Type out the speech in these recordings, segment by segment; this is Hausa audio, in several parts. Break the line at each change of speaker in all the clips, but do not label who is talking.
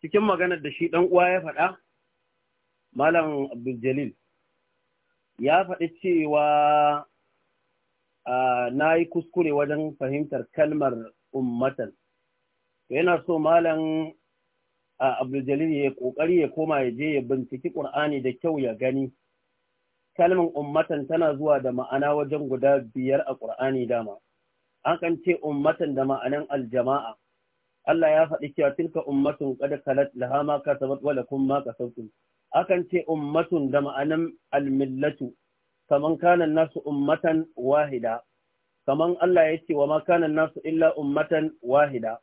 cikin maganar da shi ɗan uwa ya faɗa malam abdul ya faɗi cewa na yi kuskure wajen fahimtar kalmar ummatan To yana so malam abdul ya ƙoƙari ya koma ya je ya binciki ƙur'ani da kyau ya gani kalmar ummatan tana zuwa da ma'ana wajen guda biyar a ƙur'ani dama an kan ce ummatan da ma'anan aljama'a Allah ya faɗi cewa tilka ummatun kada kalat laha ma kasabat wa lakum ma kasabtum akan ce ummatun da ma'anan almillatu kaman kana nasu ummatan wahida kaman Allah ya ce wa ma kana nasu illa ummatan wahida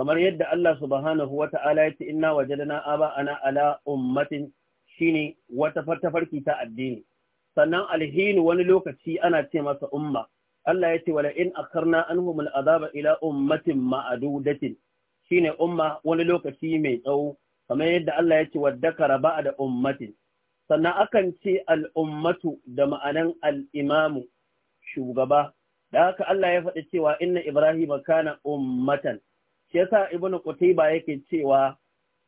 kamar yadda Allah subhanahu wa ta'ala ya ce inna wajadna aba ana ala ummatin shine wata farki ta addini sannan alhini wani lokaci ana ce masa umma Allah ya ce wala in akarna anhum azaba ila ummatin ma'adudatin Shi ne umma wani lokaci mai tsawo kamar yadda Allah ya ce waddakara ba da ummati? sannan akan ce al'ummatu da ma'anan al'imamu shugaba da haka Allah ya faɗi cewa inna Ibrahim kana ummatan shi yasa ibnu qutayba yake cewa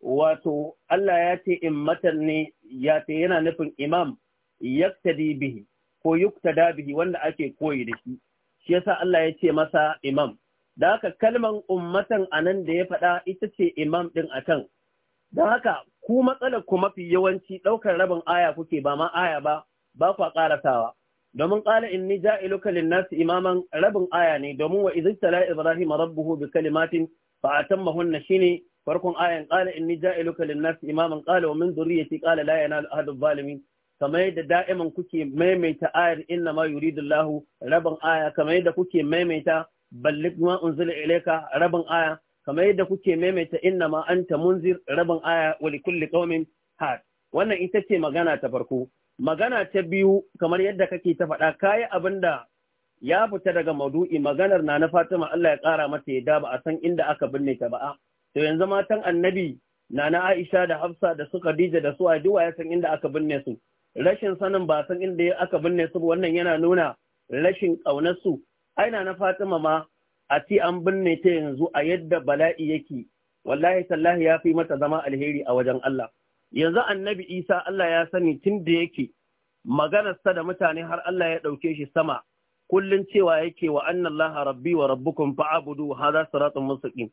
wato Allah ya ce immatan ne ya ce yana nufin imam yaktadi bihi ko yuktada bihi wanda ake koyi da shi shi yasa Allah ya ce masa imam da haka kalman ummatan anan da ya faɗa ita ce imam ɗin a can. Da haka ku matsalar ku mafi yawanci ɗaukar rabin aya kuke ba ma aya ba, ba kwa ƙarasawa. Domin ƙala in inni ja'iluka linnasi imaman rabin aya ne domin wa idh tala Ibrahim rabbuhu bi kalimatin na, shi ne farkon ayan ƙala in inni ja'iluka linnasi imaman ƙala wa min ce ƙala la yanalu al’adun balimi kamar yadda da'iman kuke maimaita ayar inna ma yuridullahu rabin aya kamar yadda kuke maimaita ballig ma unzila ilayka rabin aya kamar yadda kuke maimaita inna ma anta munzir rabin aya wa kulli qaumin had wannan ita ce magana ta farko magana ta biyu kamar yadda kake ta faɗa kayi abinda ya fita daga maudu'i maganar na na Fatima Allah ya ƙara mata yadda ba a san inda aka binne ta ba to yanzu matan annabi nana Aisha da Hafsa da su Khadija da su Aduwa ya san inda aka binne su rashin sanin ba san inda aka binne su wannan yana nuna rashin ƙaunar su aina na fatima ma a ci an binne ta yanzu a yadda bala'i yake wallahi tallahi ya fi mata zama alheri a wajen Allah yanzu annabi Isa Allah ya sani tun da yake maganarsa da mutane har Allah ya ɗauke shi sama kullun cewa yake wa annallaha rabbi wa rabbukum fa'budu hadha siratun mustaqim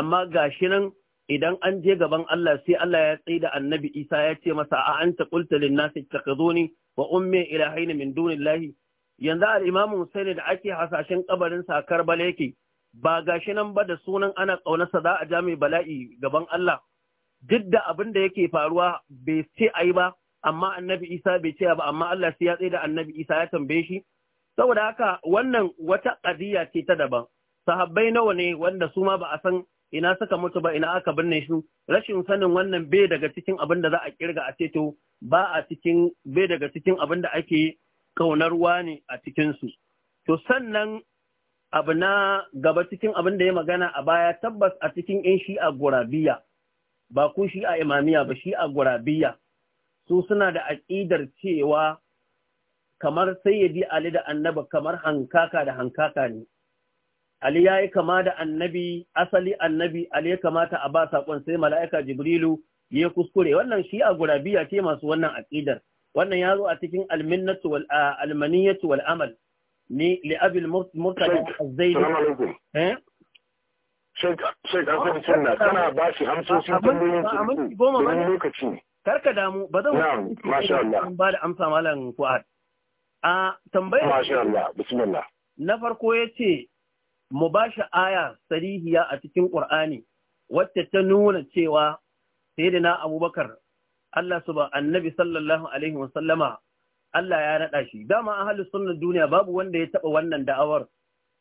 amma gashi nan idan an je gaban Allah sai Allah ya tsaye da annabi Isa ya ce masa a anta qulta lin nasi wa ummi ilahaina min dunillahi yanzu al'imamu Hussaini da ake hasashen kabarin sa Karbala yake ba gashi nan ba da sunan ana ƙaunarsa za a ja mai bala'i gaban Allah duk da abin da yake faruwa bai ce a ba amma annabi Isa bai ce ba amma Allah sai ya tsaye da annabi Isa ya tambaye shi saboda haka wannan wata ƙadiyya ce ta daban sahabbai nawa ne wanda su ma ba a san ina suka mutu ba ina aka binne shi rashin sanin wannan bai daga cikin abin da za a kirga a ceto ba a cikin bai daga cikin abin da ake Kaunarwa ne a cikinsu. To sannan abu na gaba cikin abin da ya magana a baya tabbas a cikin ‘yan shi'a gurabiya, ba ku a imamiya ba shi'a gurabiya, su suna da aƙidar cewa kamar sayyidi Ali da annaba kamar hankaka da hankaka ne. Ali ya yi kama da annabi, asali annabi, Ali ya kamata a ba saƙon sai mala'ika Jibrilu ya kuskure, wannan shi'a gurabiya ce masu wannan aƙidar. wannan ya zo a cikin alminnatu wal almaniyatu wal amal ni li abil murtada az-zaidi eh Sheikh
Sheikh Asad Sunna kana ba shi hamsoshin tambayoyin su domin lokaci
ne karka damu ba zan masha Allah ba da amsa malam Fuad a tambayar masha Allah bismillah na farko yace mu ba shi aya sarihiya a cikin Qur'ani wacce ta nuna cewa Sayyidina Abubakar Allah suba annabi sallallahu alaihi wasallama Allah ya naɗa shi dama ahalus sunnar duniya babu wanda ya taɓa wannan da'awar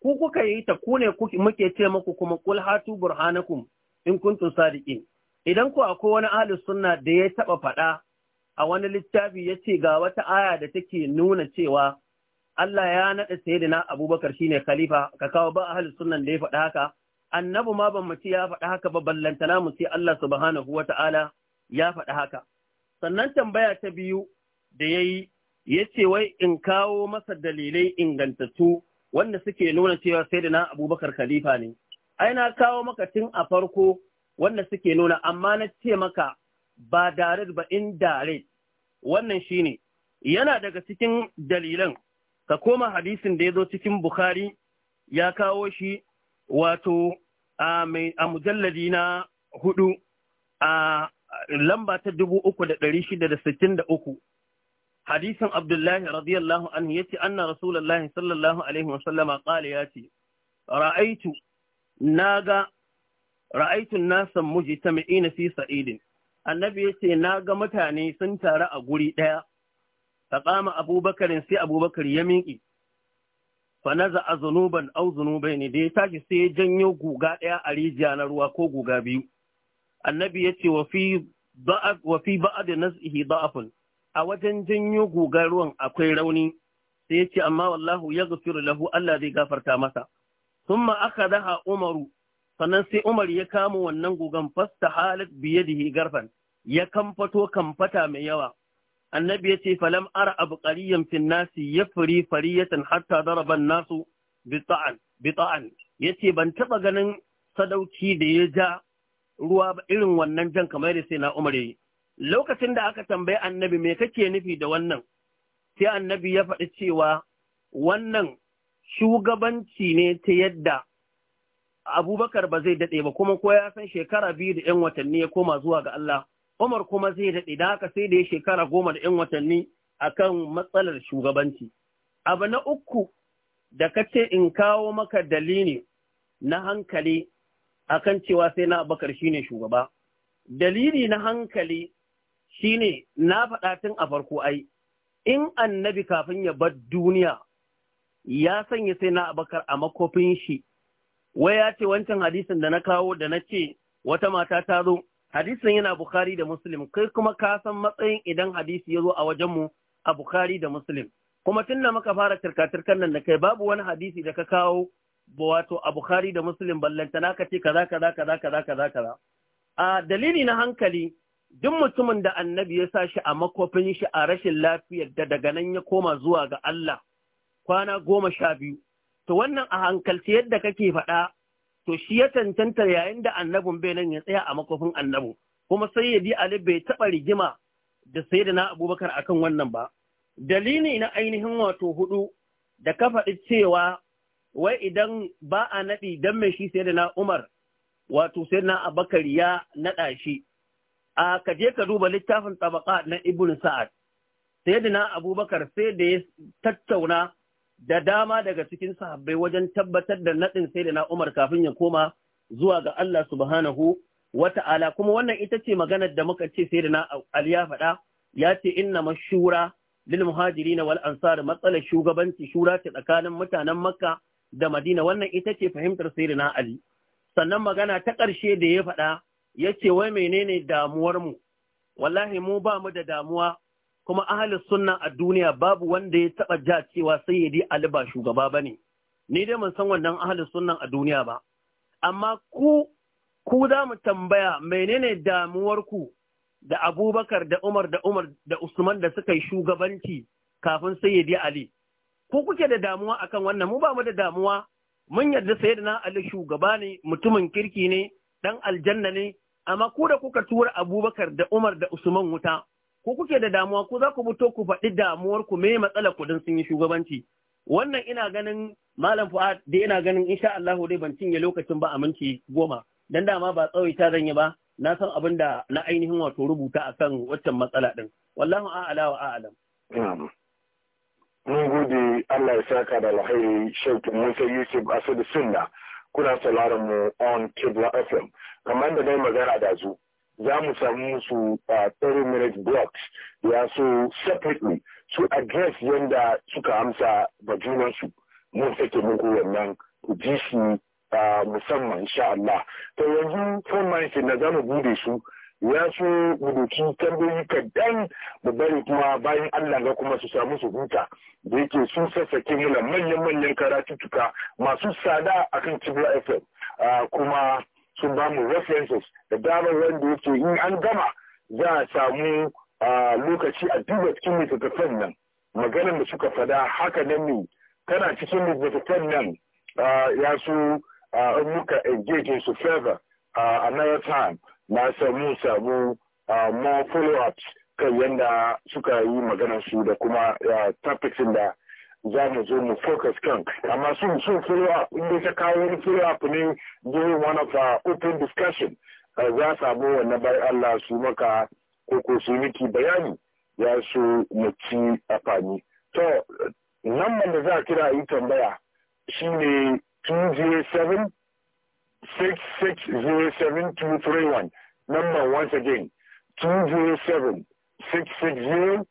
ku kuka yi ta ku ne muke ce muku kuma kul hatu burhanakum in kuntum sadiqin idan ku akwai wani ahalus sunna da ya taɓa faɗa a wani littafi ya ce ga wata aya da take nuna cewa Allah ya naɗa sayyidina Abubakar shine khalifa ka kawo ba ahalus sunnan da ya faɗa haka annabi ma ban mu ya faɗa haka ba ballantana mu ce Allah subhanahu wata'ala ya faɗa haka sannan tambaya ta biyu da ya yi ya ce wai in kawo masa dalilai ingantattu wanda suke nuna cewa sai da na abubakar khalifa ne ai na kawo maka tun a farko wanda suke nuna amma na ce maka ba direct ba in direct wannan shine yana daga cikin dalilan ka koma hadisin da ya zo cikin bukhari ya kawo shi wato a mujalladi na hudu a lamba ta dubu uku da ɗari shida da sittin da uku hadisin abdullahi radiyallahu anhu yace anna rasulullahi sallallahu alaihi wa sallama ya ce. ra'aitu na naga ra'aitu mai ina fi sa'idin annabi na ga mutane sun taru a guri ɗaya. ta faqama abubakarin sai abubakar ya miƙi fa zunuban au zunubai ne da ya tashi sai ya janyo guga ɗaya a rijiya na ruwa ko guga biyu annabi ya ce wa fi ba'ad nasihi da'afun a wajen janyo gugar ruwan akwai rauni sai ya ce amma wallahu ya gafiru lahu Allah zai gafarta masa aka daha umaru sannan sai umar ya kama wannan gugan fasta halat biyadihi garfan ya kamfato kamfata mai yawa annabi ya ce falam ara abu qariyan fin nasi yafri fariyatan hatta daraban nasu bita'an Ya yace ban taɓa ganin sadauki da ya ja ruwa irin wannan jan kamar da sai na Umar yi. lokacin da aka tambayi annabi me kake nufi da wannan sai annabi ya faɗi cewa wannan shugabanci ne ta yadda Abubakar ba zai daɗe ba kuma ko ya san shekara biyu da ‘yan watanni ya koma zuwa ga Allah, Umar kuma zai daɗe da haka sai da ya shekara goma da ‘yan watanni akan matsalar shugabanci. Abu na uku da ka ce in kawo maka dalili na hankali akan cewa sai na abakar shine shugaba dalili na hankali shine na faɗa tun a farko ai in annabi kafin ya bar duniya ya sanya sai na abakar a makofin shi wai ya ce wancan hadisin da na kawo da na ce wata mata ta zo hadisin yana Bukhari da Muslim kai kuma ka san matsayin idan hadisi ya zo a wajenmu a Bukhari da Muslim kuma tun da muka fara turka nan da kai babu wani hadisi da ka kawo wato a Bukhari da Muslim ballanta na kace kaza kaza kaza kaza kaza kaza a dalili na hankali duk mutumin da annabi ya sa shi a makofin shi a rashin lafiyar da daga nan ya koma zuwa ga Allah kwana goma sha biyu to wannan a hankalci yadda kake faɗa to shi ya tantanta yayin da annabin bai nan ya tsaya a makofin Annabu. kuma sai ya bi Ali bai taɓa rigima da sai na abubakar akan wannan ba dalili na ainihin wato hudu da ka faɗi cewa wai idan ba a naɗi don mai shi sai da na Umar, wato sai na Abakar ya naɗa shi. A ka je ka duba littafin tabaka na Ibn Sa'ad, sai da na Abubakar sai da ya tattauna da dama daga cikin sahabbai wajen tabbatar da naɗin sai da na Umar kafin ya koma zuwa ga Allah subhanahu wa ta'ala kuma wannan ita ce maganar da muka ce sai da na Ali ya faɗa ya ce inna mashura lil muhajirin wal ansar matsalar shugabanci shura ta tsakanin mutanen Makka da Madina wannan ita ce fahimtar na Ali sannan magana ta ƙarshe da ya faɗa ya ce wai menene damuwar mu wallahi mu ba mu da damuwa kuma ahalin sunna a duniya babu wanda ya taɓa ja cewa sayyidi Ali ba shugaba ba ne ni dai mun san wannan ahalin sunna a duniya ba amma ku ku za mu tambaya menene damuwarku da abubakar da umar da umar da usman da suka yi shugabanci kafin sayyidi ali ko kuke da damuwa akan wannan mu ba mu da damuwa mun yarda sayyidina Ali shugaba ne mutumin kirki ne dan aljanna ne amma ku da kuka tura Abubakar da Umar da Usman wuta ko kuke da damuwa ku za ku fito ku faɗi damuwar ku me matsalar ku dan sun yi shugabanci wannan ina ganin malam Fuad da ina ganin insha Allah dai ban cinye lokacin ba a minti goma dan dama ba tsawai ta yi ba na san abin da na ainihin wato rubuta akan waccan matsala din wallahu a'ala wa a'lam
mun gode Allah ya saka da alkhairi shauki Musa Yusuf Asadu Sunna kuna sauraron mu on Kibla FM kamar da dai magana da zu za mu samu musu 30 minute blocks ya so separately su address yanda suka amsa bajunan su mun sake muku wannan ku ji shi musamman insha Allah to yanzu phone lines na zamu bude su ya so mu doki tambayoyi kaɗan mu bari kuma bayan Allah ga kuma su samu su huta da yake sun sassake mana manyan-manyan karatuttuka masu tsada kan cibra FM kuma sun ba mu references da damar wanda yake in an gama za a samu lokaci a duba cikin littattafan nan maganar da suka fada haka nan ne tana cikin littattafan nan ya su muka engage su further another time na samu samu ah, more follow-ups kan yadda suka yi maganar su da kuma ah, topics da za mu zo mu focus kan amma sun sun follow up in dai ta kawo wani follow up ne during one of our open discussion ah, za samu wannan bai Allah su maka ko ko su miki bayani ya su mu ci afani to nan da za a kira yi tambaya shine 207 6607231. Number once again, 207-660-7231.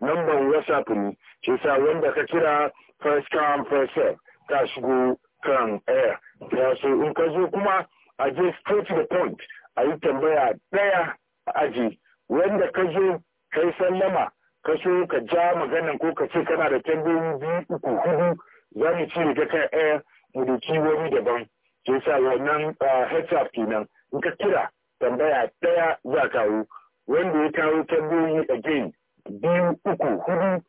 Number WhatsApp ne, ke sa wanda ka kira first come first serve ka shigo kan air. Ya so in ka zo kuma a je straight to the point, a yi tambaya ɗaya a aji. Wanda ka zo ka yi sallama, ka so ka ja maganan ko ka ce kana da tambayoyi biyu uku hudu za mu ci riga kan air mu wani daban ke sa wannan ah, heads kenan in ka kira tambaya ɗaya za kawo wanda ya kawo tambayoyi again biyu uku hudu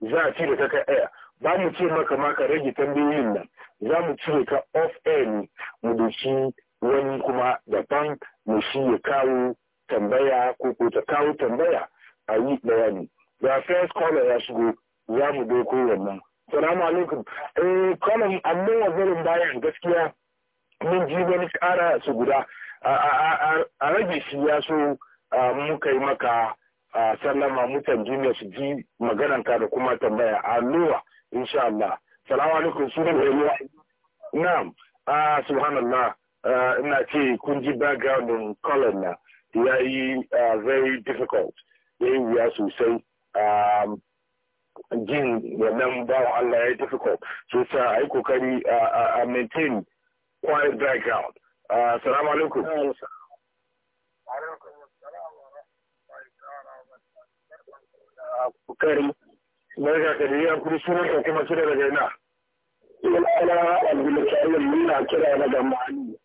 za a cire ka kai ɗaya ba mu ce maka ma ka rage tambayoyin nan za mu cire ka off air ne mu doki wani kuma daban mu shi ya kawo tambaya ko ko ta kawo tambaya a yi bayani da first caller ya shigo za mu doko wannan Salamu alaikum. Eh, kwanan amma wazanin bayan gaskiya mun ji wani kara su guda. A rage shi ya so muka yi maka sallama mutan juniya su ji magananka da kuma tambaya. Alluwa, insha Allah. Salamu alaikum, sunan Eliya. Na'am, ah, subhanallah. Ina ce kun ji background din Colin na. Ya yi very difficult. Ya yi wuya sosai. jin wannan bawa Allah ya yi difficult so sa a yi kokari a maintain
quiet background
assalamu alaikum kokari barka ka da yan kuri sunan ka kuma kira daga ina ina abdul karim muna kira daga mali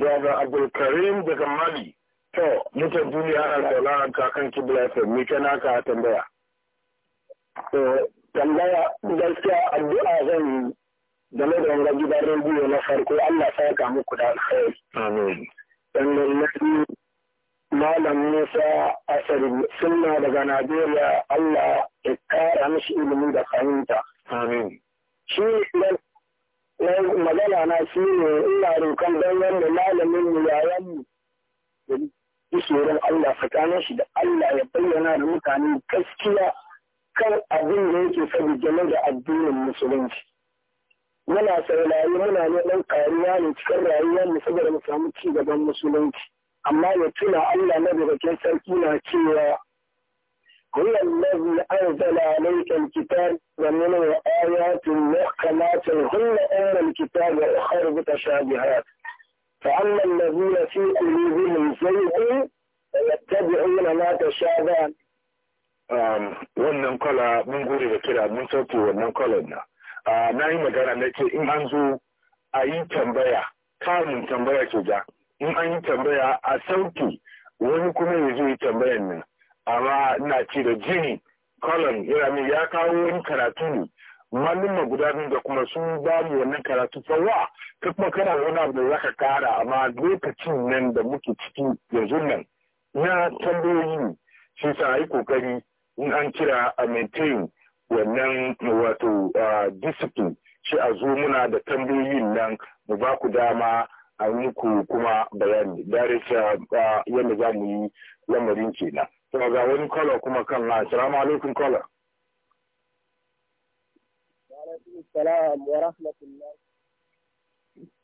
daga abdul karim daga mali to mutan duniya ana da kakan kibla FM, mi kana ka tambaya Eh, tambaya gaskiya addu'a zan yi game da wanga gidan rediyo na farko Allah sa ka muku da alkhairi. Amin. Sannan na biyu Malam Musa Asari suna daga Najeriya Allah ya kara mishi ilimi da fahimta. Amin. Shi na magana na shi ne ina rokan don wanda malamin mu yayan mu da tsoron Allah tsakanin shi da Allah ya bayyana da mutane gaskiya kan abin da yake faɗi game da addinin musulunci muna saurari muna neman kariya ne cikin rayuwa mu saboda mu samu ci gaban musulunci amma ya tuna Allah na daga sarki na cewa هو الذي أنزل عليك الكتاب ومنه آيات محكمات هن أم الكتاب وأخر متشابهات فأما الذين في قلوبهم زيغ فيتبعون ما تشابه Um, wannan kwala mun gode da kira mun sauke wannan kwalan na na yi magana na ce in an zo a yi tambaya kamun tambaya ke ja in an yi tambaya a sauke wani kuma ya zo yi tambayan nan amma na ce da jini kwalan yana min ya kawo wani karatu ne malumma guda biyu da kuma sun ba mu wannan karatu fawa ka kuma kana wani abu da za ka kara amma lokacin nan da muke ciki yanzu nan na tambayoyi ne shi sa yi kokari in an kira a maintain wannan wato discipline shi a zo muna da tambayoyin nan mu ba ku dama a muku kuma bayani darisa uh, uh, yadda za mu yi lamarin kenan kuma ga wani kwallo kuma kan na assalamu alaikum kola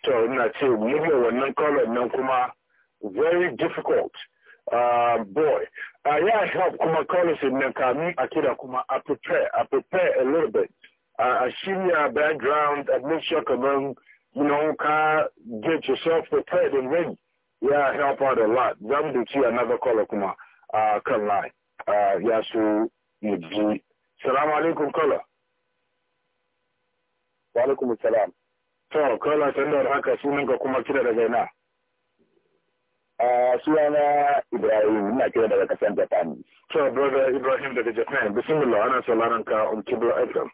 to ina ce muryar wannan kwallon nan kuma very difficult Uh, boy, uh, yeah, help kuma college na kami akira kuma I prepare, I prepare a little bit. Uh, I see your background, I make sure come you know, ka get yourself prepared and ready. Yeah, help out a lot. Them do see another caller kuma uh come line. Uh, yeah, so you be. Salam alaikum caller. Wa alaikum salam. To, caller tendar haka sunanka kuma kira daga ina. suwana Ibrahim ina kira daga kasar Japan. So brother Ibrahim daga Japan, bismillah ana sauraron ka on Kibro FM.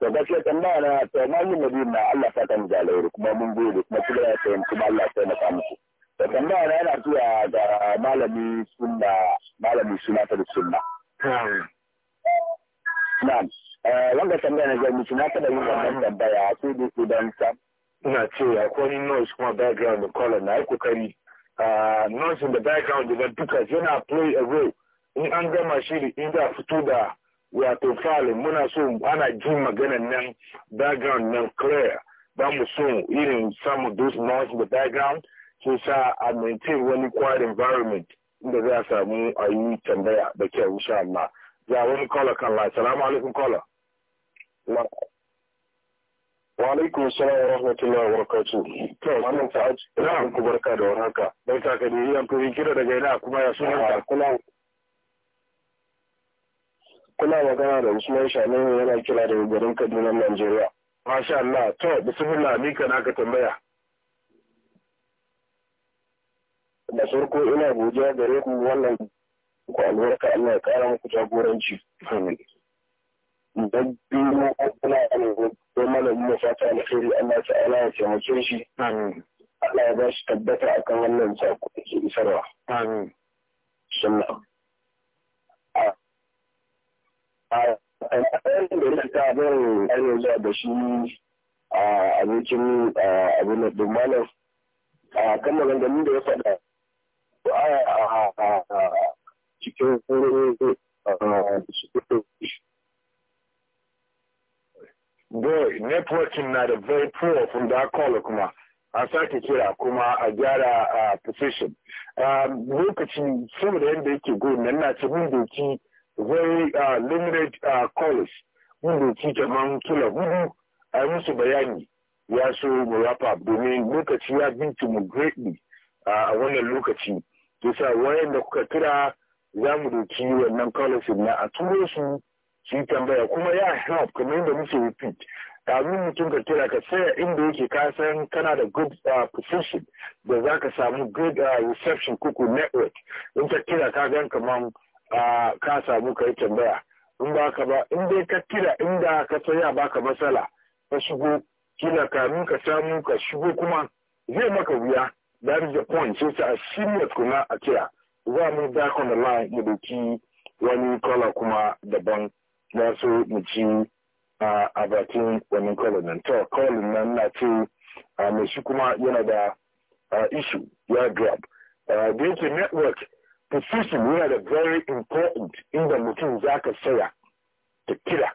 To gaskiya tambaya na to mallam madina na Allah saka kan jalai kuma mun gode kuma kula ya tayin kuma Allah ya taimaka muku. To tambaya na yana zuwa ga malami sunna malami sunna ta sunna. Hmm. na Eh wanda tambaya na ga mutu na ta da yin hmm. tambaya sai dai idan ta ina ce akwai wani noise kuma background da color na yi kokari ah, noise in the background da duka yana play a role in an gama shiri in za fito da wato falin muna so ana jin maganan nan background nan clear ba mu so irin samu those noise in the background so sa a maintain wani quiet environment inda za a samu a yi tambaya da kyau insha Allah. ya wani kola kan la. Salamu alaikum caller. Wa alaikum salam wa rahmatullahi wa barakatuh. To, malam Sa'ad, ina an ku barka da warhaka. ka yan kira daga ina kuma ya sunan ka. Kuna kuna magana da Usman yana kira daga garin Kaduna, Najeriya. Masha Allah, to, bismillah, ni naka tambaya. Da farko ina don biyu kuna don malam mu fata alheri Allah ta'ala ya taimake shi amin Allah ya ba shi tabbata akan wannan sako da ke isarwa amin sunna a da ya ta zan ainihin zuwa da shi a abokin abin da malam a kan maganganun da ya faɗa a cikin boy networking na da very poor from da kuma a sake kira kuma a gyara a position um, lokacin saboda yadda yake go nan na ce mun doki very limited college mun doki jaman kila hudu a musu bayani ya so mu wrap up domin lokaci ya binci mu greatly a wannan lokaci kisa wayan da kuka kira za mu doki wannan college na a turo su shi tambaya kuma ya help kamar yadda muke repeat kamin mutum ka kira ka saya inda yake ka san kana da good uh, position da za ka samu good uh, reception kuku network in ka kira ka gan kamar uh, ka samu ka yi tambaya in ba ka ba in dai ka kira inda ka tsaya ba ka matsala ka shigo kila kamin ka samu ka shigo kuma zai maka wuya that is the point so a serious kuma a kira za mu back on the line mu wani kola kuma daban za so mu ci a bakin wannan kolin nan to kolin nan na ce mai shi kuma yana da ishu ya grab da yake network position yana da very important inda mutum za ka saya ta kira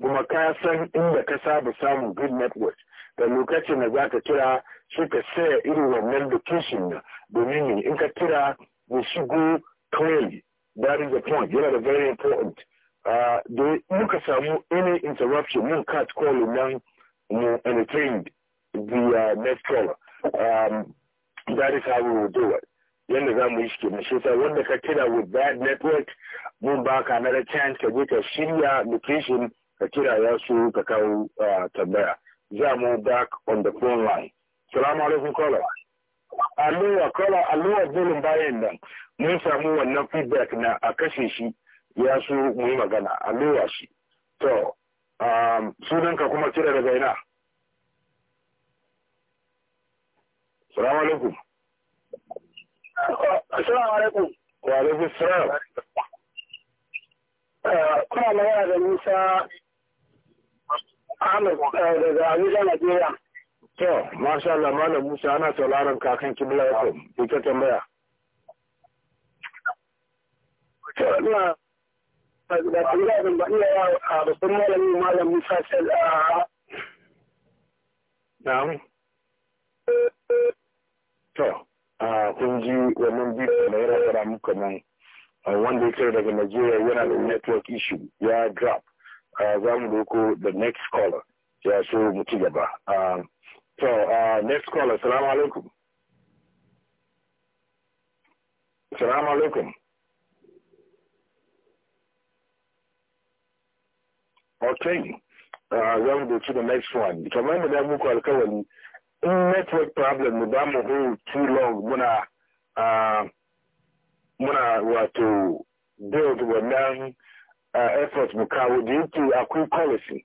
kuma ka san inda ka saba samun good network da lokacin da za ka kira shi ka saya irin wannan location na domin in ka kira ya shigo clearly that is the point yana da very important da muka samu any interruption mun cut call nan mu entertain the uh, next caller um, that is how we will do it yadda za mu yi shi kenan shi wanda ka kira with that network mun ba ka another chance ka je ka shirya location ka kira ya su ka kawo tambaya za mu back on the phone line salamu alaikum caller alluwa caller alluwa zulun bayan nan mun samu wannan feedback na a kashe shi ya so mu yi magana a loya shi to um, sunanka kuma kira daga ina salamu alaikum Salamu alaikum wa alaikum salam uh, kuna magana da musa ahmed uh, daga abuja najeriya to masha Allah malam musa ana sauraron kakan kibla ya ko ita tambaya ina da tambaya zan ba iya a babban malami malam Musa Sal a Na'am. To, a kun ji wannan bidiyo da yana fara muku nan wanda yake daga Najeriya yana da network issue ya drop. Za mu doko the next caller. Ya so mu ci gaba. To, next caller, salamu alaikum. Salamu alaikum. Okay. Uh, za mu doki the next one. because mu da muku alkawari, in network problem mu ba mu too long muna uh, muna wato build wannan uh, effort mu kawo da yake akwai policy.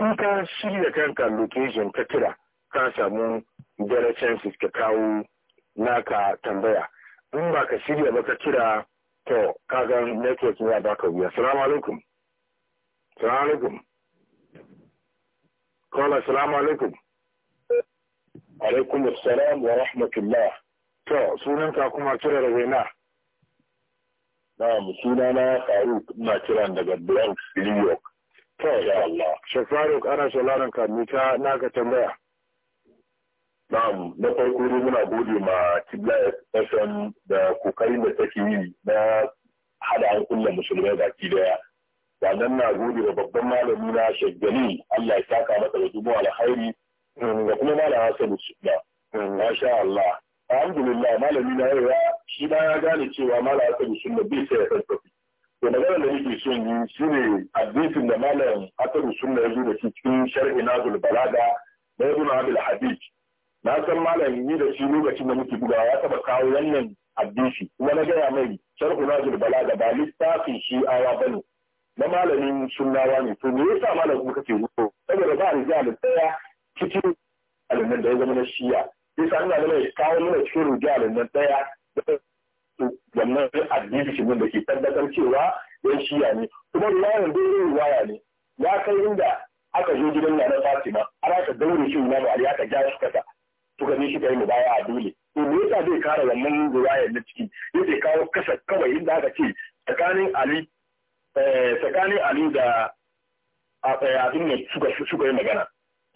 In ka shirya kanka location kakira kira ka samu better chances ka kawo naka tambaya. In ba ka shirya ba ka kira to kagan network ya baka wuya. Assalamu alaikum. السلام alaikum. قال alaikum salaam wa rahmatullah to sunanka kuma kira da zaina Na suna na faru na kira daga bronx new york to ya allah shek faruk ana sauraron ka ta naka tambaya na'am na farko ne muna gode ma kibla fm da kokarin da take yi na hada an kulla musulmai baki daya ba na gode da babban malami na shaggali Allah ya saka masa da dubu alkhairi mm, da kuma malam Hassan Sunna mm, masha Allah alhamdulillah malami na yawa shi ba ya gane cewa malam Hassan Sunna bai sai ya san tafi to magana da nake son yi shine hadisin da malam Hassan suna ya zo da shi cikin sharhi Nazul Balaga da Ibn Abdul Habib na san malam yi da shi lokacin da muke bugawa ya taba kawo wannan hadisi kuma na gaya mai sharhu Nazul Balaga ba littafin shi awa bane na malamin sunnawa ne to me yasa malam kuma kake rubo saboda ba rija da tsaya cikin alimin da ya zama na shiya sai sa ina da kawo mana cikin rija da tsaya wannan addini shi da ke tabbatar cewa yan shiya ne kuma da dai riwaya ne ya kai inda aka zo gidan na Fatima ana ka daure shi Imam Ali aka ja shi kasa to gani shi kai baya a dole to me yasa zai kara wannan riwayar na ciki yake kawo kasa kawai inda aka ce tsakanin Ali Eh, tsakanin Ali da eh, abin ne suka yi magana.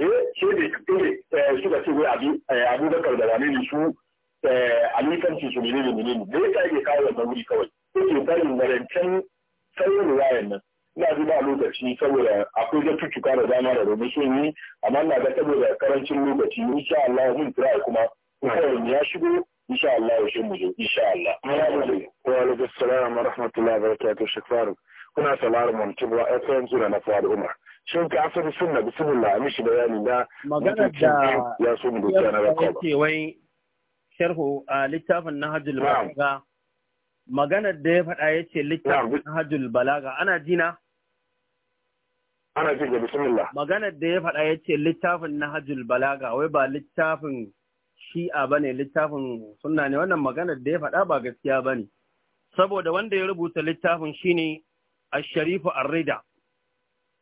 Eh, shi da eh, suka ce wai Abubakar da wane ne su alifanci su menene menene da yasa yake kawo wannan wuri kawai yake barin garancen sauyin ruwayan nan ina ji ba lokaci saboda akwai zatuttuka da dama da rubu sun yi amma ina ga saboda karancin lokaci insha Allah mun tura kuma kawai ya shigo insha Allah ya shi mu je insha Allah wa alaikum assalam wa rahmatullahi wa barakatuh shukran kuna ba a FM suna na Fuad Umar. Shin ka asali sunna bismillah mishi bayani da magana da ya so mu dokiya na rakoba. Yake
wai sharhu a littafin Nahjul Balaga. magana da ya faɗa ya ce littafin Nahjul Balaga ana jina?
Ana jin da bismillah.
magana da ya faɗa ya ce littafin Nahjul Balaga wai ba littafin shi'a ba ne littafin sunna ne wannan magana da ya faɗa ba gaskiya ba ne. Saboda wanda ya rubuta littafin shine asharifu rida.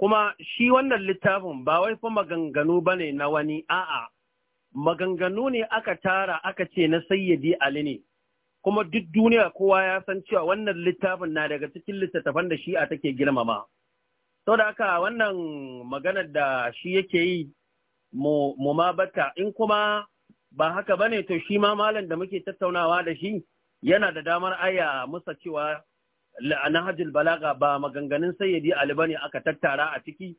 kuma shi wannan littafin ba wai fa maganganu bane na wani a'a maganganu ne aka tara aka ce na sayyidi ali ne kuma duk duniya kowa ya san cewa wannan littafin na daga cikin littattafan da shi a take girmama saboda haka wannan maganar da shi yake yi mu ma bata in kuma ba haka bane to shi ma malam da muke tattaunawa da shi yana da damar aya musa cewa nahajul balaga ba maganganun sayyidi ali bane aka tattara a ciki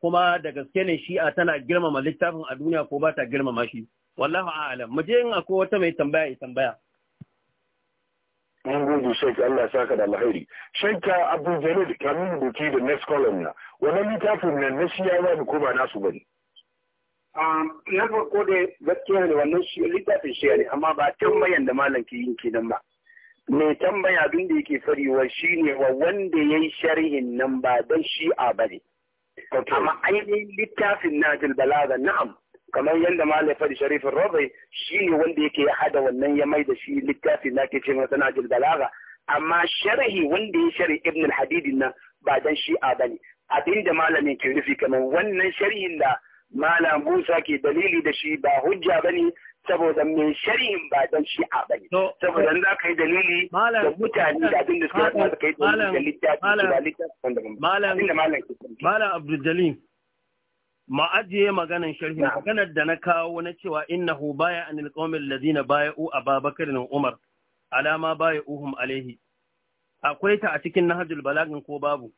kuma da gaske ne shi'a tana girmama littafin a duniya ko ba ta girmama shi wallahu a'lam mu je in akwai wata mai tambaya ya tambaya
mun gudu shek Allah saka da alheri
shek Abu Jalil kamin
doki da next column na Wani littafin nan na shi'a ba ni ko ba nasu bane um, na farko dai gaskiya ne wannan littafin shi'a ne amma ba tambayan da malam ke yin kenan ba mai tambaya abin da yake farewa shine wa wanda ya yi sharhin nan ba dan shi'a ba ne. Amma ainihin littafin Najil Balaga na'am kamar yadda Malam Fadi Sharifin Rabai shi ne wanda yake ya hada wannan ya mai da shi littafin
na ke cewa masa Balaga. Amma sharhi wanda ya sharhi Ibn al-Hadid nan ba dan shi'a ba ne. Abin da malamin ke rufi kamar wannan sharhin da Malam Musa
ke dalili da shi ba hujja ba ne saboda mai shari'in ba don shi'a ba ne saboda za ka yi dalili
da mutane da abin da suka rasa ka yi dalili da littafi da littafi malam abdul ma ajiye maganan sharhi maganar da na kawo na cewa innahu baya anil qawmil ladina baya'u ababakar da umar alama baya baya'uhum alaihi akwai ta a cikin nahjul balagin ko babu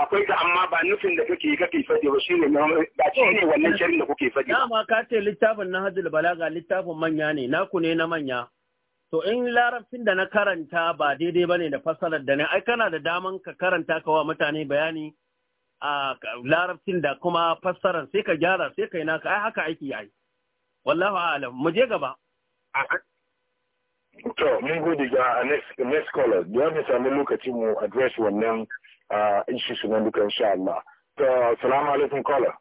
akwai ta amma ba nufin da kake kake fadi ba shine ba ne wannan shirin da kuke fadi dama
ka ce littafin na hajjul balaga littafin manya ne naku ne na manya to in larabcin da na karanta ba daidai bane da fasalar da ne ai kana da daman ka karanta ka wa mutane bayani a larabcin da kuma fasaran sai ka gyara sai kai naka ai haka aiki ai wallahu a'lam mu je gaba
to mun gode ga next next caller don mu samu lokacin mu address wannan su nan duka insha Allah to salamu alaikum caller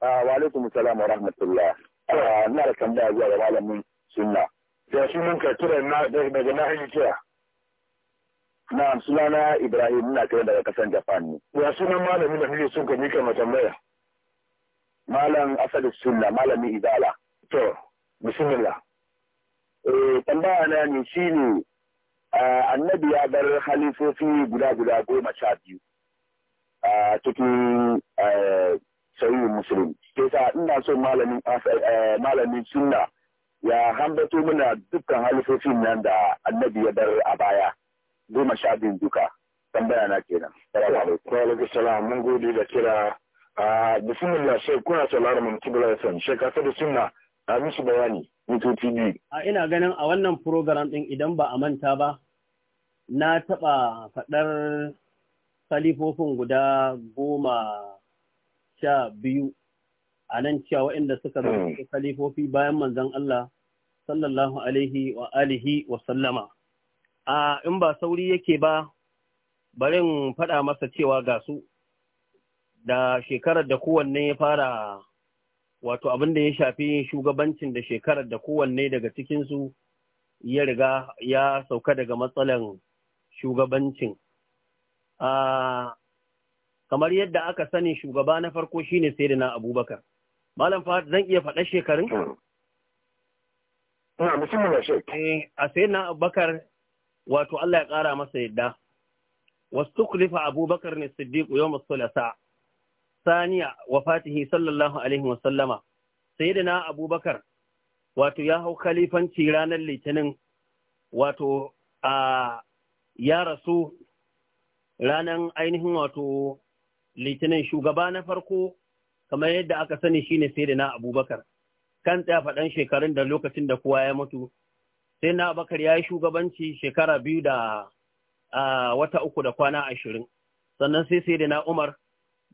wa alaikum assalam wa rahmatullah ina da tambaya zuwa ga malamin sunna da shi mun kai tura na daga na hanyar kira na na Ibrahim ina kai daga kasan Japan ne ya sunan malami da nake son ka mika ma tambaya malam asadu sunna malami Ibala. to bismillah eh tambaya na ne ne Eh, annabi ya bar halifofi guda guda goma sha biyu a cikin eh, sayi musulun ke sa ina so eh, malamin sunna ya hambato mana dukkan halifofin nan da annabi ya bar a baya goma sha biyu duka tambaya na kenan. Wa alaikum. mun gode da kira. Ah, bismillah shek kuna sauraron mun kibla yasan shek asadu sunna a mishi bayani mintoci biyu.
A ina ganin a wannan program ɗin idan ba a manta ba, na taɓa faɗar salifofin guda goma sha biyu a nan cewa waɗanda suka rubuta hmm. salifofi bayan manzon Allah sallallahu alaihi wa alihi wa sallama. A in ba sauri yake ba, barin faɗa masa cewa ga su da shekarar da kowanne ya fara wato abin da ya shafi shugabancin da shekarar da kowanne daga cikinsu ya riga ya sauka daga matsalan shugabancin. Kamar yadda aka sani shugaba na farko shine sai da na abubakar. Malam Fahad zan iya faɗa shekarun? Mm. Ah, eh, a sai na abubakar wato Allah ya ƙara masa yadda. Wasu kulifa abubakar ne siddiƙu yau masu saniya wa fatihi sallallahu alaihi wa sallama, sayyidina abubakar wato ya hau kalifanci ranar litinin wato a ya rasu ranar ainihin wato litinin shugaba na farko kamar yadda aka sani shine sayyidina abubakar kan tsaya faɗan shekarun da lokacin da kowa ya mutu sai na abakar ya yi shugabanci shekara biyu da wata uku da kwana ashirin sannan sai sai da na umar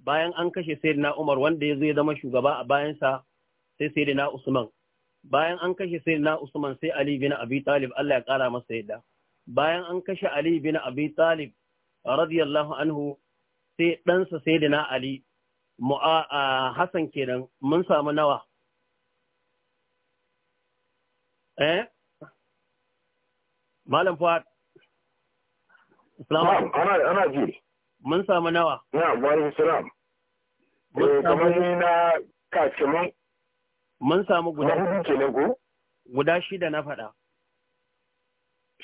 bayan an kashe sayyidina Umar wanda ya zo ya zama shugaba a bayansa sai sayyidina Usman bayan an kashe sayyidina Usman sai Ali bin Abi Talib Allah ya kara masa yadda bayan an kashe Ali bin Abi Talib radiyallahu anhu sai ɗansa sayyidina Ali mu'a Hassan kenan mun samu nawa eh Malam Fuad Salamu alaikum. Ana ji. Mun samu nawa?
Na, wa alaikum salam. Eh, na
mun samu guda hudu kenan ko guda shida na faɗa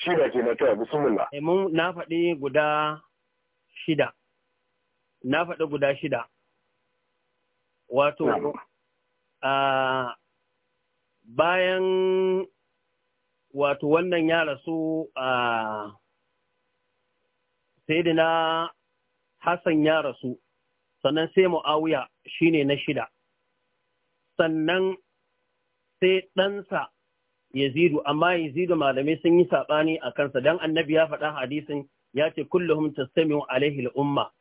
shida kenan to bismillah eh, mun na faɗi guda shida na faɗi guda shida wato a bayan wato wannan ya rasu a na Hassan ya rasu sannan sai mu'awiya shine na shida sannan sai ɗansa yazidu amma yazidu malamai sun yi saɓani a kansa don annabi ya faɗa hadisin ya ce kullum tastami'u alaihi al'umma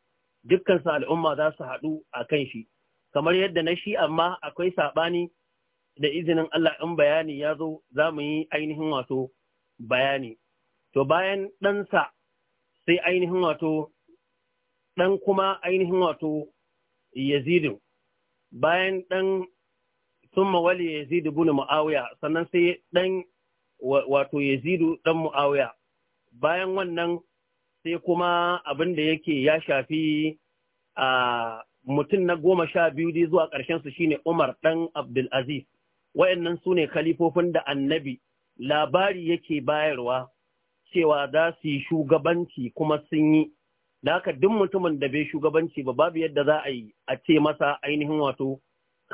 dukkansa al'umma za su haɗu a kan shi kamar yadda na shi amma akwai saɓani da izinin Allah in bayani ya zo za mu yi ainihin wato bayani to bayan ɗansa sai ainihin wato ɗan kuma ainihin wato yazidu bayan ɗan summa wali yazidu bin mu'awiya sannan sai ɗan wato yazidu ɗan mu'awiya bayan wannan sai kuma abin da yake ya shafi a mutum na goma sha biyu dai zuwa ƙarshen su shine Umar ɗan Abdulaziz. Wayannan su ne kalifofin da annabi labari yake bayarwa cewa za su yi shugabanci kuma sun yi da haka duk mutumin da bai shugabanci ba babu yadda za a yi a ce masa ainihin wato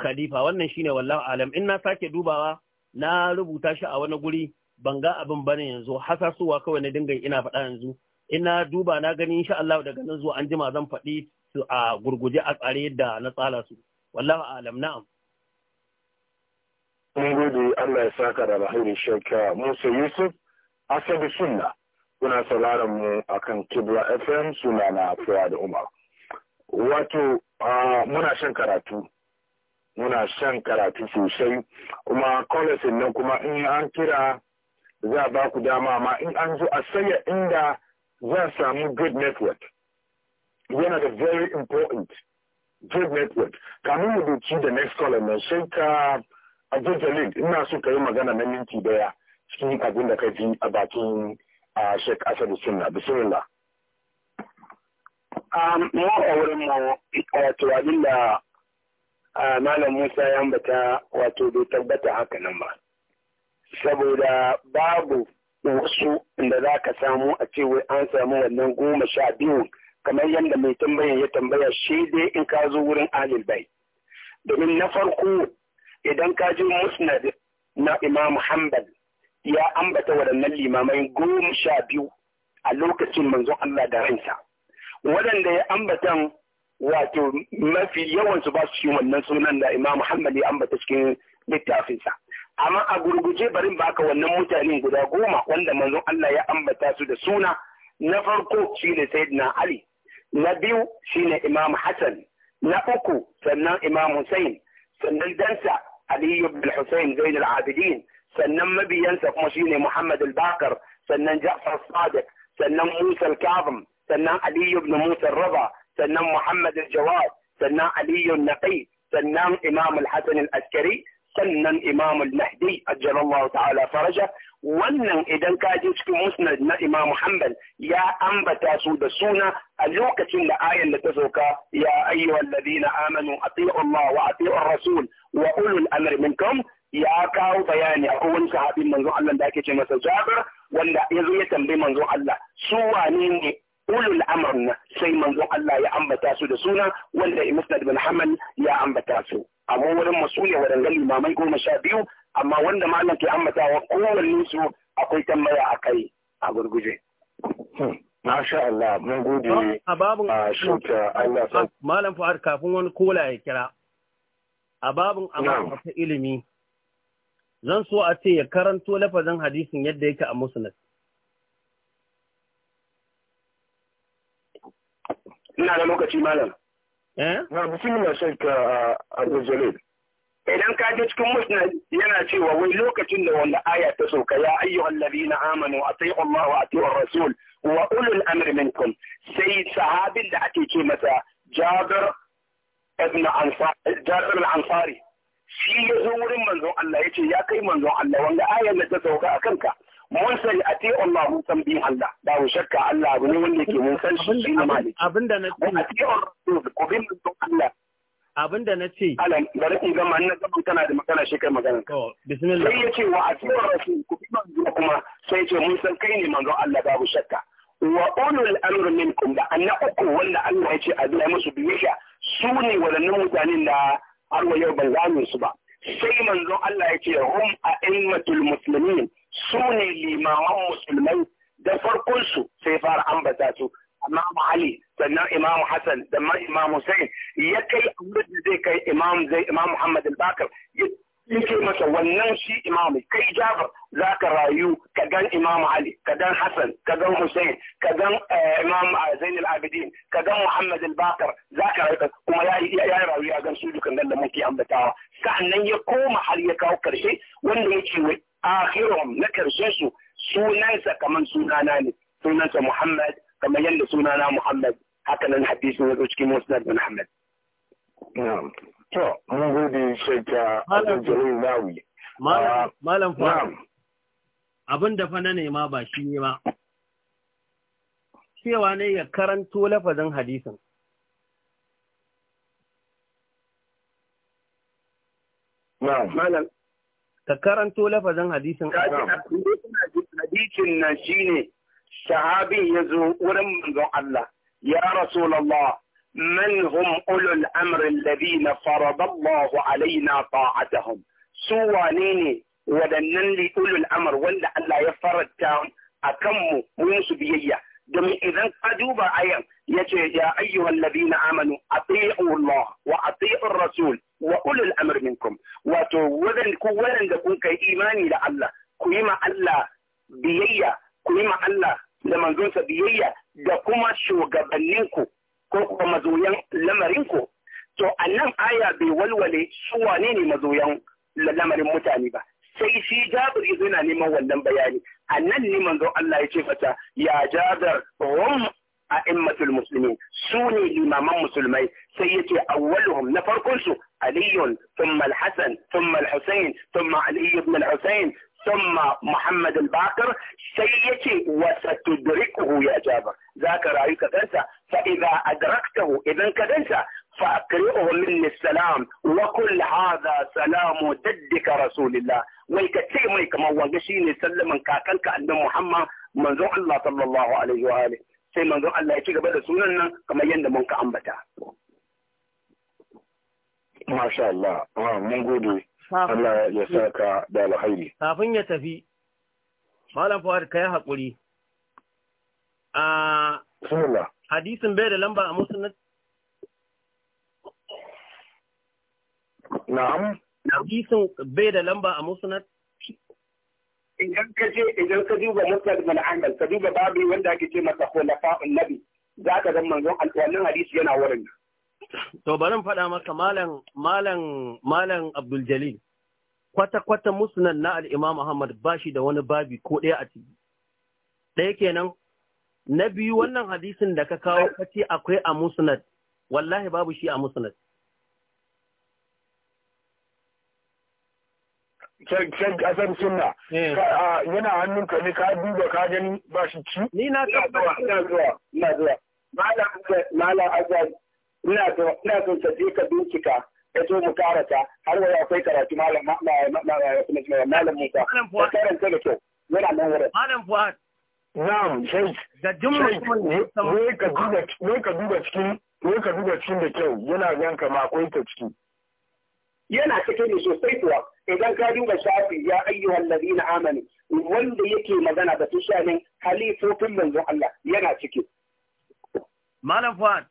khalifa wannan shine wallahu alam in na sake dubawa na rubuta shi a wani guri ban ga abin bane yanzu hasasuwa kawai na dinga ina faɗa yanzu ina duba na gani insha Allah daga nan zuwa an jima zan faɗi su a gurguje a tsare yadda na tsala su wallahu alam na'am
Allah ya saka da alheri shekara Musa Yusuf Asabi Sunna kuna sauraron mu akan Kibla FM suna na da Umar. Wato muna shan karatu. Muna shan karatu sosai kuma kwalasin nan kuma in an kira za a ba ku dama ma in an zo a saya inda za samu good network. Yana da very important good network. kamun mu doki da next caller nan sai ka a link ina so ka yi magana na minti daya cikin abin ka ji a bakin a Sheikh Asadu Sunna bismillah um mu a wurin mu wato abinda malam Musa ya ambata wato bai tabbata haka nan ba saboda babu wasu inda za ka samu a ce wai an samu wannan goma sha biyu kamar yadda mai tambayar ya tambaya shi dai in ka zo wurin alil bai domin na farko idan ka ji musnad na imam hanbal ya ambata waɗannan limamai goma sha biyu a lokacin manzon Allah da ransa waɗanda ya ambatan wato mafi yawansu ba su yi wannan sunan da Imam Muhammad ya ambata cikin littafinsa amma a gurguje barin baka wannan mutane guda goma wanda manzon Allah ya ambata su da suna na farko shine Sayyidina Ali na biyu shine Imam Hassan na uku sannan Imam Hussein sannan dansa aliyu ibn Hussein Zainul Abidin
sannan mabiyansa kuma shine Muhammad al-Bakar sannan Ja'far Sadiq sannan Musa al-Kazim sannan Ali ibn Musa al-Raba sannan Muhammad al-Jawad sannan Ali al-Naqi sannan Imam al-Hasan al-Askari sannan Imam al-Mahdi ajjalallahu
ta'ala faraja wannan idan ka je cikin musnad na Imam Hanbal ya ambata su da suna a lokacin da ayan da ta sauka ya ayyuhal ladina amanu ati'u Allah wa ati'u ar-rasul wa ulul amri minkum ya kawo bayani akwai wani sahabin manzon Allah da ake ce masa Jabir wanda ya zo ya tambayi manzon Allah su wane ne ulul amrun sai manzon Allah ya ambata su da suna wanda Imam bin Hamal ya ambata su amma wurin masuliya wadannan limamai goma sha biyu amma wanda malam ke ambata wa kowanne su akwai tambaya a kai a gurguje.
Hmm. Masha Allah, mun gode a babin Allah Malam Fuad kafin wani kola ya kira. A babin amma ta ilimi, zan so a ce ya karanto lafazin hadisin yadda yake a musnad
ina da lokaci malam eh na bismillah shek Abdul Jalil idan ka je cikin musnad yana cewa wai lokacin da wanda aya ta sauka ya ayyuhal ladina amanu atiiu Allah wa ar rasul wa ulul amri minkum sai sahabin da ake ce masa Jabir ibn Ansari Jabir al-Ansari shi ya zo wurin manzon Allah ya ce ya kai manzon Allah wanda ayar da ta sauka a kanka mun sani a te Allah mun san bin Allah babu shakka Allah abu ne wanda ke mun san shi shi ne mali.
abinda na ce a te Allah ko bin manzon Allah abinda na ce alam bari in ga manna gaban kana da magana shi kai magana to bismillah sai ya ce wa a te rasul ku bin manzon kuma sai ya ce mun san kai ne manzon Allah babu shakka wa
ulul amr minkum da anna uku wanda Allah ya ce a biya musu biyayya su ne waɗannan mutanen da har wa yau ban gane su ba sai manzon Allah ya ce a a'immatul muslimin su ne limaman musulmai da farkon su sai fara ambata su Imam Ali sannan Imam Hassan da Imam Hussein ya kai abin da zai kai Imam Muhammad al-Bakar yake masa wannan shi imamu kai jabar za ka rayu ka gan imamu ali ka gan hassan ka gan hussein ka gan eh, imam eh, zainul abidin ka gan muhammad al-bakar za ka rayu kuma ya yi rayu a gan su dukan nan da muke ambatawa sa'annan ya koma har ya kawo karshe wanda yake wai akhirahum na karshen su sunansa kamar sunana ne sunansa muhammad kamar yadda sunana muhammad haka nan hadisi ya zo cikin musnad bin ahmad To, mun gode shaita Abdul Jalil Malam ah,
Malam Abin da fa na nema ba shi ne ba. Cewa ne ya karanto lafazin hadisin. Malam ka karanto lafazin hadisin
hadisin na ne sahabin ya zo wurin manzon Allah ya rasu rasulullah من هم أولو الأمر الذين فرض الله علينا طاعتهم سوى نيني ودنن لي أولو الأمر ولا ألا يفرد كام أكم موسو بيئيا دمي إذا قدوب أيام يجي يا أيها الذين آمنوا أطيعوا الله وأطيعوا الرسول وأولو الأمر منكم وتوذن كوالن دقون كي إيماني لألا كيما ألا بيئيا كيما ألا لما نقول بيئيا دقوما شو قبلنكم ko kuma mazoyan lamarinku to a nan aya bai walwale su wane ne mazoyan lamarin mutane ba sai shi jabir yanzu yana neman wannan bayani a nan ne manzo Allah ya ce fata ya jabir hum a'immatul muslimin su ne limaman musulmai sai yace awwaluhum na farkon su علي ثم الحسن ثم الحسين ثم علي بن الحسين summa Muhammad al-Bakir sai yace wa satudrikuhu ya za ka rayu ka gansa fa idza adraktahu idan ka gansa fa akrihu minni salam wa kull hadha salamu daddika rasulillah wai ka ce mai kamar wanga shine sallaman kakanka annabi Muhammad manzon Allah sallallahu alaihi wa alihi sai manzon Allah ya ci gaba da sunan nan kamar yadda mun ka ambata Masha Allah, mun gode. Allah ya saka da
kafin ya tafi malam fawad kai hakuri a hadisin bai da lamba a musulun na'am hadisin bai da lamba a
idan ka je idan ka duba musnad bin ka duba babu wanda ake ce masa khulafa'un nabi za ka ga manzon alƙawarin hadisi yana wurin nan
to bari faɗa maka malam malam malam Abdul Jalil kwata kwata musnan na al-Imam Ahmad bashi da wani babi ko ɗaya a ciki ɗaya kenan na biyu wannan hadisin da ka kawo kace akwai a musnad wallahi babu shi a musnad
can kasar suna, eh. yana hannun ka ne ka duba ka gani ba shi ci ni na tabbata ina zuwa ina zuwa malam malam azali ina so ina so ka je ka bincika ka zo mu karata har wani akwai karatu malam malam Musa ka karanta da kyau yana nan wurin malam Fuad na'am sai da jumla ne ka duba ne ka duba cikin ne ka duba cikin da kyau yana ganka ma akwai ta ciki yana cike ne sosai kuwa idan ka duba shafi ya ayyuhan ladina amanu wanda yake magana da tushenin halifofin manzon Allah yana ciki
malam Fuad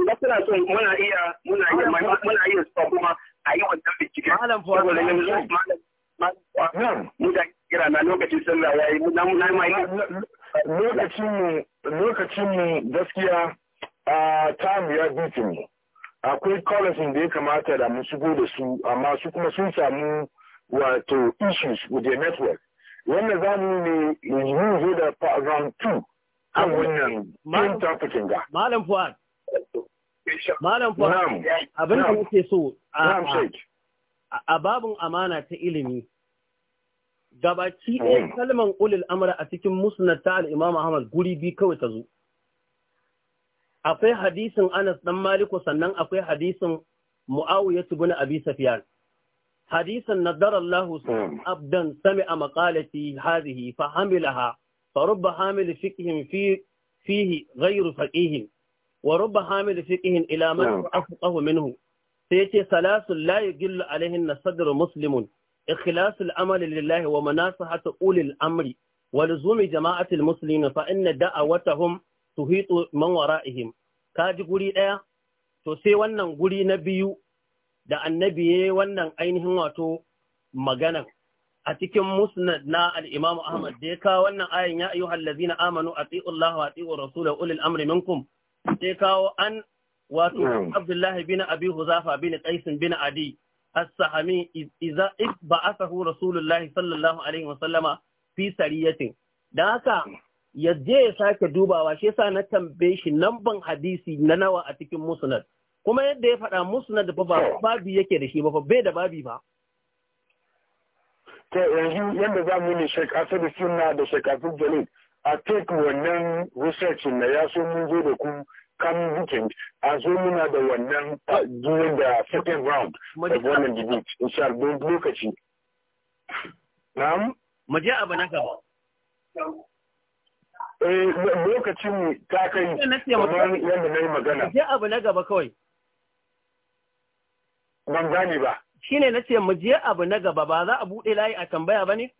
idan suna so muna iya muna iya muna iya so kuma a yi wannan bincike malam
yanzu kira na lokacin sallah yayi na lokacin mu gaskiya a time ya bitin mu akwai college da ya kamata da mu shigo da su amma su kuma sun samu wato issues with their network wannan zamu ne yanzu zo da round 2 a wannan
malam fuad Malam Fahim, abin da muke so a babun amana ta ilimi, gabaci ɗaya kalman ulil amra a cikin musnad ta al'imam Ahmad guri bi kawai ta zo. Akwai hadisin Anas ɗan Maliku sannan akwai hadisin Mu'awiyatu bin Abi Safiyar. Hadisin nadar Allah abdan sami a maƙalati hazihi fa hamilaha fa rubba hamil fiqhin fi fihi ghairu faqihin wa rubba hamil fiqhin ila man afqahu minhu sai yace salasul la yajillu alaihin sadr muslimun ikhlasul amal lillahi wa manasahatu ulil amri wa luzumi jama'atil muslimin fa inna da'awatahum tuhitu man wara'ihim kaji guri daya to sai wannan guri na biyu da annabi ya wannan ainihin wato magana a cikin musnad na al'imamu Ahmad da ya kawo wannan ayin ya ayyuhal lazina amanu a tsi'ullahu a tsi'ur ulil amri minkum sai kawo an wato Abdullahi bin Abi Huzafa bin Qais bin Adi as-Sahami idza ba'athahu Rasulullahi sallallahu alaihi wa sallama fi sariyatin dan haka yaje ya sake dubawa shi yasa na tambaye shi lambar hadisi na nawa a cikin musnad kuma yadda ya faɗa musnad fa ba babi yake da shi ba fa bai da babi ba
to yanzu yanda mu ne Sheikh Sunna da Sheikh Jalil a take wannan research na ya so mun zo da ku kan weekend a zo muna da wannan during da second round da wannan debate sha don lokaci
na'am mu je abu na gaba eh lokacin ta kai kamar yadda na yi magana je abu na gaba kawai ban gane ba shine na ce mu je abu na gaba ba za a buɗe layi a tambaya ba ne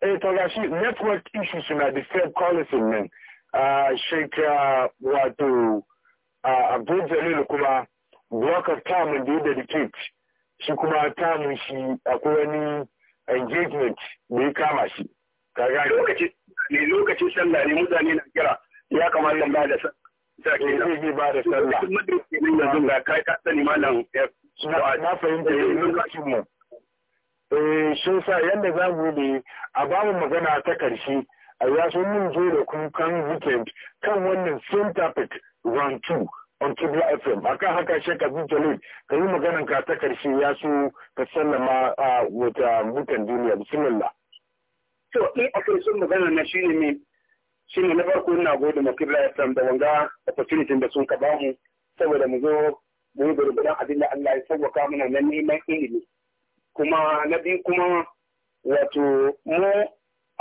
eh to gashi network issue suna disturb calls nan a ah, sheik ah, wato ah, Abdul Jalil kuma blocker time da ya dedicate shi kuma tamun shi akwai wani engagement da ya kama shi kaga lokaci ne eh, lokacin sallah ne mutane na kira ya kamata ba da sa ke eh, zai ba da sallah da yanzu ga kai ka sani malam eh, na fahimta lokacin mu eh shi sa yadda za mu ne a bamu magana ta karshe a ya so mun zo da kan weekend kan wannan same topic round two on Kibla FM a kan haka Sheikh Abdul Jalil ka yi maganan ka ta karshe ya so ka sallama a wata mutan duniya bismillah to ni a sun magana na shi ne ne na farko ina gode ma Kibla FM da wanga opportunity da sun ka bamu saboda mu zo mu yi gurgurdan abin da Allah ya sauwaka mana na neman ilimi kuma na biyu kuma wato mu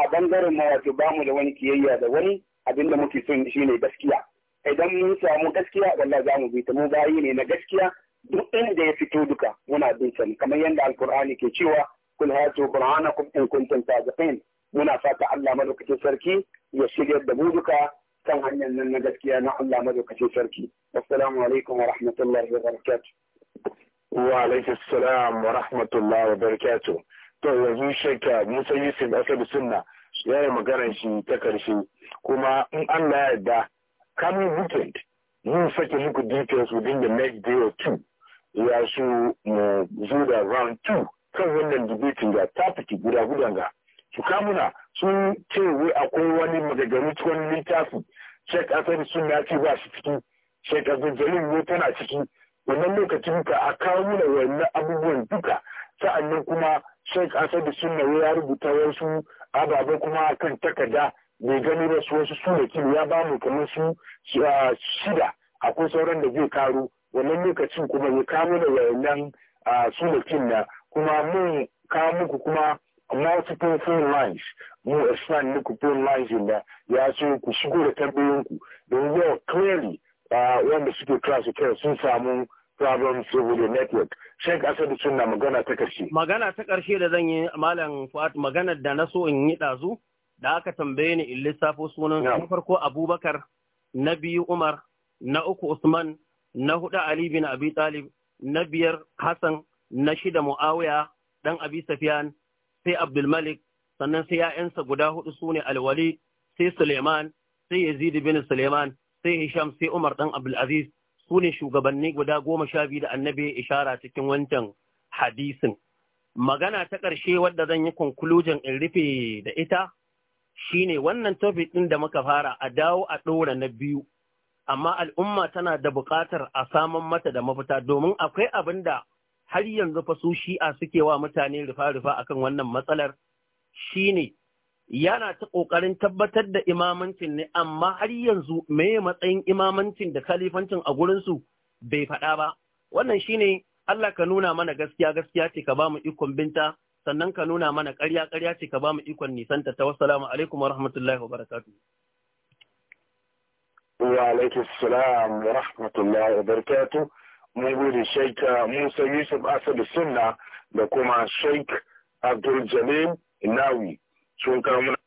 a bangaren ma wato ba mu da wani kiyayya da wani abin da muke son shi ne gaskiya idan mun samu gaskiya wallahi za mu bi ta mu bayi ne na gaskiya duk inda ya fito duka muna bin sa kamar yadda alkur'ani ke cewa kul hatu qur'anakum in kuntum sadiqin muna fata Allah madaukakin sarki ya shigar da mu duka kan hanyar nan na gaskiya na Allah madaukakin sarki assalamu alaikum wa rahmatullahi wa barakatuh wa alaihi salam wa rahmatullah wa barakatu to yanzu shekka musa yusuf asabi sunna ya yi maganar shi ta karshe kuma in allah ya yarda kamun weekend mun sake muku details within the next day or two ya su mu zo da round two kan wannan debating ga topic guda guda ga su kamuna sun ce wai akwai wani magagaru wani littafi shek asali sunna na ce ba shi ciki shek abdul jalil ne tana ciki wannan lokacin ka a kawo mana wannan abubuwan duka sa'annan kuma sheik asadu sunna ya rubuta wasu ababe kuma kan takarda bai gani da su wasu sunaki ya bamu mu kamar su shida akwai sauran da zai karu wannan lokacin kuma ya kawo da su da na kuma mun kawo muku kuma multiple phone lines mu expand muku phone lines da ya so ku shigo da tambayoyinku don yau clearly wanda suke kira sun samu sabon civil network. shek Asadu suna magana ta ƙarshe. Magana
ta ƙarshe da zan yi malam Fuad maganar da na so in yi ɗazu da aka tambaye ni in lissafo sunan na farko Abubakar na biyu Umar na uku Usman na hudu Ali bin Abi Talib na biyar Hassan na shida Muawiya dan Abi Safiyan sai Abdul Malik sannan sai ‘ya'yansa guda hudu su ne Alwali sai Suleiman sai Yazid bin Suleiman sai Hisham sai Umar dan Abdul Aziz su ne shugabanni guda goma sha biyu da annabi ya ishara cikin wancan hadisin. Magana ta ƙarshe wadda zan yi conclusion in rufe da ita shine wannan topic ɗin da muka fara a dawo a ɗora na biyu. Amma al'umma tana da buƙatar a saman mata da mafita domin akwai abin da har yanzu fa su shi'a suke wa mutane rufa-rufa akan wannan matsalar shi ne. yana ta ƙoƙarin tabbatar da imamancin ne amma har yanzu meye matsayin imamancin da kalifancin a gurinsu bai faɗa ba wannan shine Allah ka nuna mana gaskiya gaskiya ce ka ba mu ikon binta sannan ka nuna mana ƙarya ƙarya ce ka ba mu ikon nisanta ta wassalamu alaikum wa rahmatullahi wa barakatu.
wa alaikum salam wa rahmatullahi wa barakatu. mun gode Sheikh Musa Yusuf asadu Sunna da kuma Sheikh Abdul Jalil Nawi sun kawo